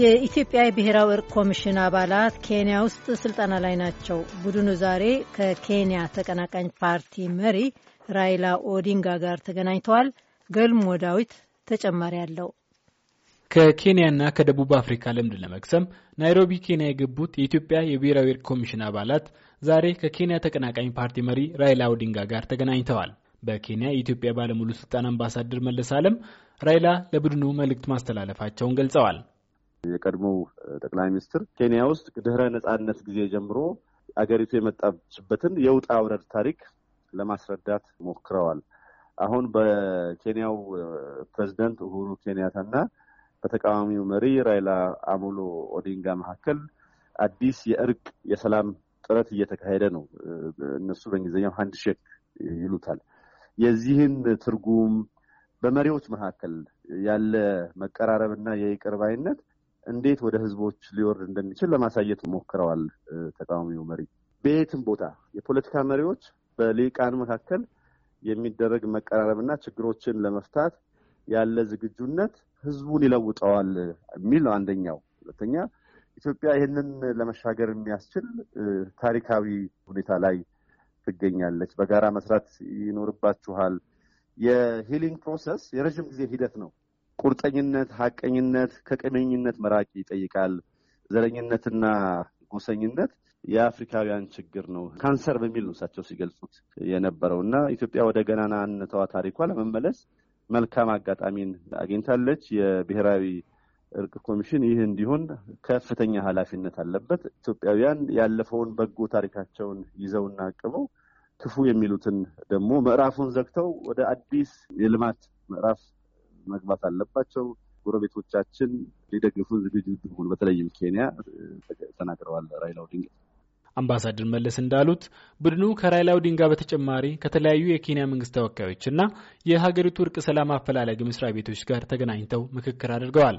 የኢትዮጵያ የብሔራዊ እርቅ ኮሚሽን አባላት ኬንያ ውስጥ ስልጠና ላይ ናቸው። ቡድኑ ዛሬ ከኬንያ ተቀናቃኝ ፓርቲ መሪ ራይላ ኦዲንጋ ጋር ተገናኝተዋል። ገልሞ ዳዊት ተጨማሪ አለው። ከኬንያና ከደቡብ አፍሪካ ልምድ ለመቅሰም ናይሮቢ ኬንያ የገቡት የኢትዮጵያ የብሔራዊ እርቅ ኮሚሽን አባላት ዛሬ ከኬንያ ተቀናቃኝ ፓርቲ መሪ ራይላ ኦዲንጋ ጋር ተገናኝተዋል። በኬንያ የኢትዮጵያ ባለሙሉ ስልጣን አምባሳደር መለስ አለም ራይላ ለቡድኑ መልእክት ማስተላለፋቸውን ገልጸዋል። የቀድሞው ጠቅላይ ሚኒስትር ኬንያ ውስጥ ድህረ ነጻነት ጊዜ ጀምሮ አገሪቱ የመጣችበትን የውጣ ውረድ ታሪክ ለማስረዳት ሞክረዋል። አሁን በኬንያው ፕሬዚደንት ኡሁሩ ኬንያታና በተቃዋሚው መሪ ራይላ አሞሎ ኦዲንጋ መካከል አዲስ የእርቅ የሰላም ጥረት እየተካሄደ ነው። እነሱ በእንግሊዝኛው ሀንድ ሼክ ይሉታል። የዚህን ትርጉም በመሪዎች መካከል ያለ መቀራረብና የይቅር ባይነት እንዴት ወደ ህዝቦች ሊወርድ እንደሚችል ለማሳየት ሞክረዋል። ተቃዋሚው መሪ በየትም ቦታ የፖለቲካ መሪዎች በሊቃን መካከል የሚደረግ መቀራረብና ችግሮችን ለመፍታት ያለ ዝግጁነት ህዝቡን ይለውጠዋል የሚል ነው አንደኛው። ሁለተኛ ኢትዮጵያ ይህንን ለመሻገር የሚያስችል ታሪካዊ ሁኔታ ላይ ትገኛለች። በጋራ መስራት ይኖርባችኋል። የሂሊንግ ፕሮሰስ የረዥም ጊዜ ሂደት ነው። ቁርጠኝነት፣ ሀቀኝነት ከቀመኝነት መራቅ ይጠይቃል። ዘረኝነትና ጎሰኝነት የአፍሪካውያን ችግር ነው፣ ካንሰር በሚል ነው እሳቸው ሲገልጹት የነበረው እና ኢትዮጵያ ወደ ገናናነቷ ታሪኳ ለመመለስ መልካም አጋጣሚን አግኝታለች። የብሔራዊ እርቅ ኮሚሽን ይህ እንዲሆን ከፍተኛ ኃላፊነት አለበት። ኢትዮጵያውያን ያለፈውን በጎ ታሪካቸውን ይዘውና አቅበው ክፉ የሚሉትን ደግሞ ምዕራፉን ዘግተው ወደ አዲስ የልማት ምዕራፍ መግባት አለባቸው። ጎረቤቶቻችን ሊደግፉን ዝግጁ ድሁን በተለይም ኬንያ ተናግረዋል ራይላ ኦዲንጋ። አምባሳደር መለስ እንዳሉት ቡድኑ ከራይላ ኦዲንጋ በተጨማሪ ከተለያዩ የኬንያ መንግስት ተወካዮችና የሀገሪቱ እርቅ ሰላም አፈላላጊ መስሪያ ቤቶች ጋር ተገናኝተው ምክክር አድርገዋል።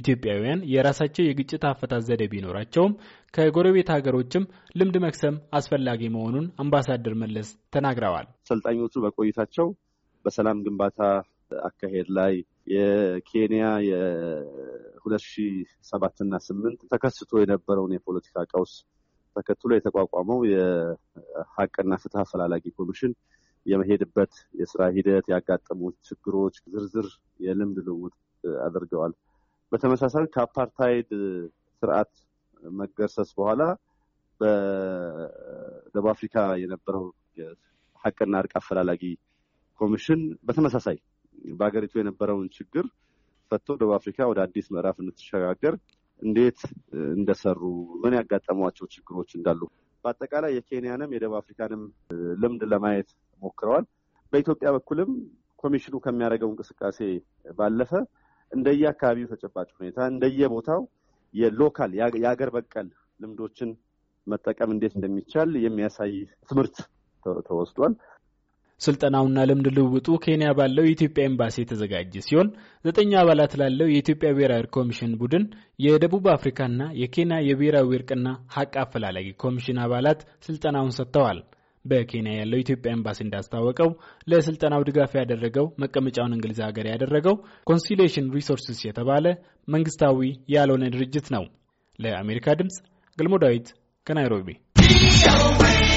ኢትዮጵያውያን የራሳቸው የግጭት አፈታት ዘዴ ቢኖራቸውም ከጎረቤት ሀገሮችም ልምድ መክሰም አስፈላጊ መሆኑን አምባሳደር መለስ ተናግረዋል። ሰልጣኞቹ በቆይታቸው በሰላም ግንባታ አካሄድ ላይ የኬንያ የሁለት ሺ እና ስምንት ተከስቶ የነበረውን የፖለቲካ ቀውስ ተከትሎ የተቋቋመው የሀቅና ፍትህ አፈላላጊ ኮሚሽን የመሄድበት የስራ ሂደት ያጋጠሙ ችግሮች ዝርዝር የልምድ ልውውጥ አድርገዋል። በተመሳሳይ ከአፓርታይድ ስርዓት መገርሰስ በኋላ በደቡብ አፍሪካ የነበረው ሀቅና እርቅ አፈላላጊ ኮሚሽን በተመሳሳይ በሀገሪቱ የነበረውን ችግር ፈቶ ደቡብ አፍሪካ ወደ አዲስ ምዕራፍ እንድትሸጋገር እንዴት እንደሰሩ ምን ያጋጠሟቸው ችግሮች እንዳሉ በአጠቃላይ የኬንያንም የደቡብ አፍሪካንም ልምድ ለማየት ሞክረዋል። በኢትዮጵያ በኩልም ኮሚሽኑ ከሚያደርገው እንቅስቃሴ ባለፈ እንደየ አካባቢው ተጨባጭ ሁኔታ እንደየቦታው የሎካል የሀገር በቀል ልምዶችን መጠቀም እንዴት እንደሚቻል የሚያሳይ ትምህርት ተወስዷል። ስልጠናውና ልምድ ልውውጡ ኬንያ ባለው የኢትዮጵያ ኤምባሲ የተዘጋጀ ሲሆን ዘጠኝ አባላት ላለው የኢትዮጵያ ብሔራዊ እርቅ ኮሚሽን ቡድን የደቡብ አፍሪካና የኬንያ የብሔራዊ እርቅና ሀቅ አፈላላጊ ኮሚሽን አባላት ስልጠናውን ሰጥተዋል። በኬንያ ያለው ኢትዮጵያ ኤምባሲ እንዳስታወቀው ለስልጠናው ድጋፍ ያደረገው መቀመጫውን እንግሊዝ ሀገር ያደረገው ኮንሲሌሽን ሪሶርስስ የተባለ መንግስታዊ ያልሆነ ድርጅት ነው። ለአሜሪካ ድምፅ ገልሞ ዳዊት ከናይሮቢ